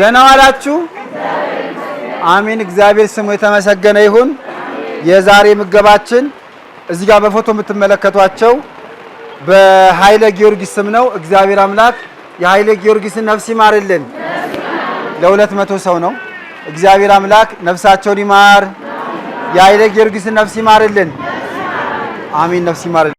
ደህና ዋላችሁ። አሚን። እግዚአብሔር ስሙ የተመሰገነ ይሁን። የዛሬ ምገባችን እዚህ ጋር በፎቶ የምትመለከቷቸው በኃይለ ጊዮርጊስ ስም ነው። እግዚአብሔር አምላክ የኃይለ ጊዮርጊስን ነፍስ ይማርልን። ለሁለት መቶ ሰው ነው። እግዚአብሔር አምላክ ነፍሳቸውን ይማር። የኃይለ ጊዮርጊስን ነፍስ ይማርልን። አሚን። ነፍስ ይማርልን።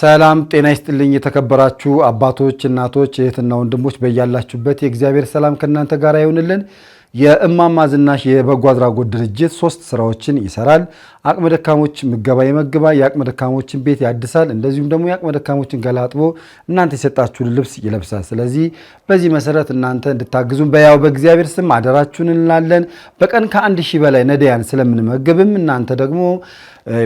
ሰላም ጤና ይስጥልኝ። የተከበራችሁ አባቶች፣ እናቶች፣ እህትና ወንድሞች በያላችሁበት የእግዚአብሔር ሰላም ከእናንተ ጋር ይሆንልን። የእማማ ዝናሽ የበጎ አድራጎት ድርጅት ሶስት ስራዎችን ይሰራል። አቅመ ደካሞች ምገባ ይመግባል። የአቅመ ደካሞችን ቤት ያድሳል። እንደዚሁም ደግሞ የአቅመ ደካሞችን ገላጥቦ እናንተ የሰጣችሁን ልብስ ይለብሳል። ስለዚህ በዚህ መሰረት እናንተ እንድታግዙን በያው በእግዚአብሔር ስም አደራችሁን እንላለን። በቀን ከአንድ ሺህ በላይ ነዳያን ስለምንመግብም እናንተ ደግሞ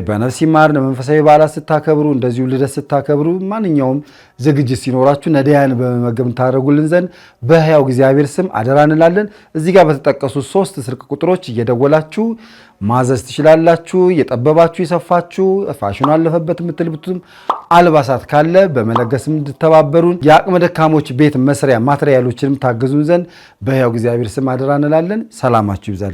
በነፍስ ይማር መንፈሳዊ በዓላት ስታከብሩ፣ እንደዚሁ ልደት ስታከብሩ፣ ማንኛውም ዝግጅት ሲኖራችሁ ነዳያን በመመገብ ታደረጉልን ዘንድ በህያው እግዚአብሔር ስም አደራ እንላለን። እዚህ ጋር በተጠቀሱ ሶስት ስልክ ቁጥሮች እየደወላችሁ ማዘዝ ትችላላችሁ። እየጠበባችሁ የሰፋችሁ ፋሽኑ አለፈበት የምትልብቱም አልባሳት ካለ በመለገስ እንድተባበሩን የአቅመ ደካሞች ቤት መስሪያ ማትሪያሎችንም ታገዙን ዘንድ በሕያው እግዚአብሔር ስም አደራ እንላለን። ሰላማችሁ ይብዛል።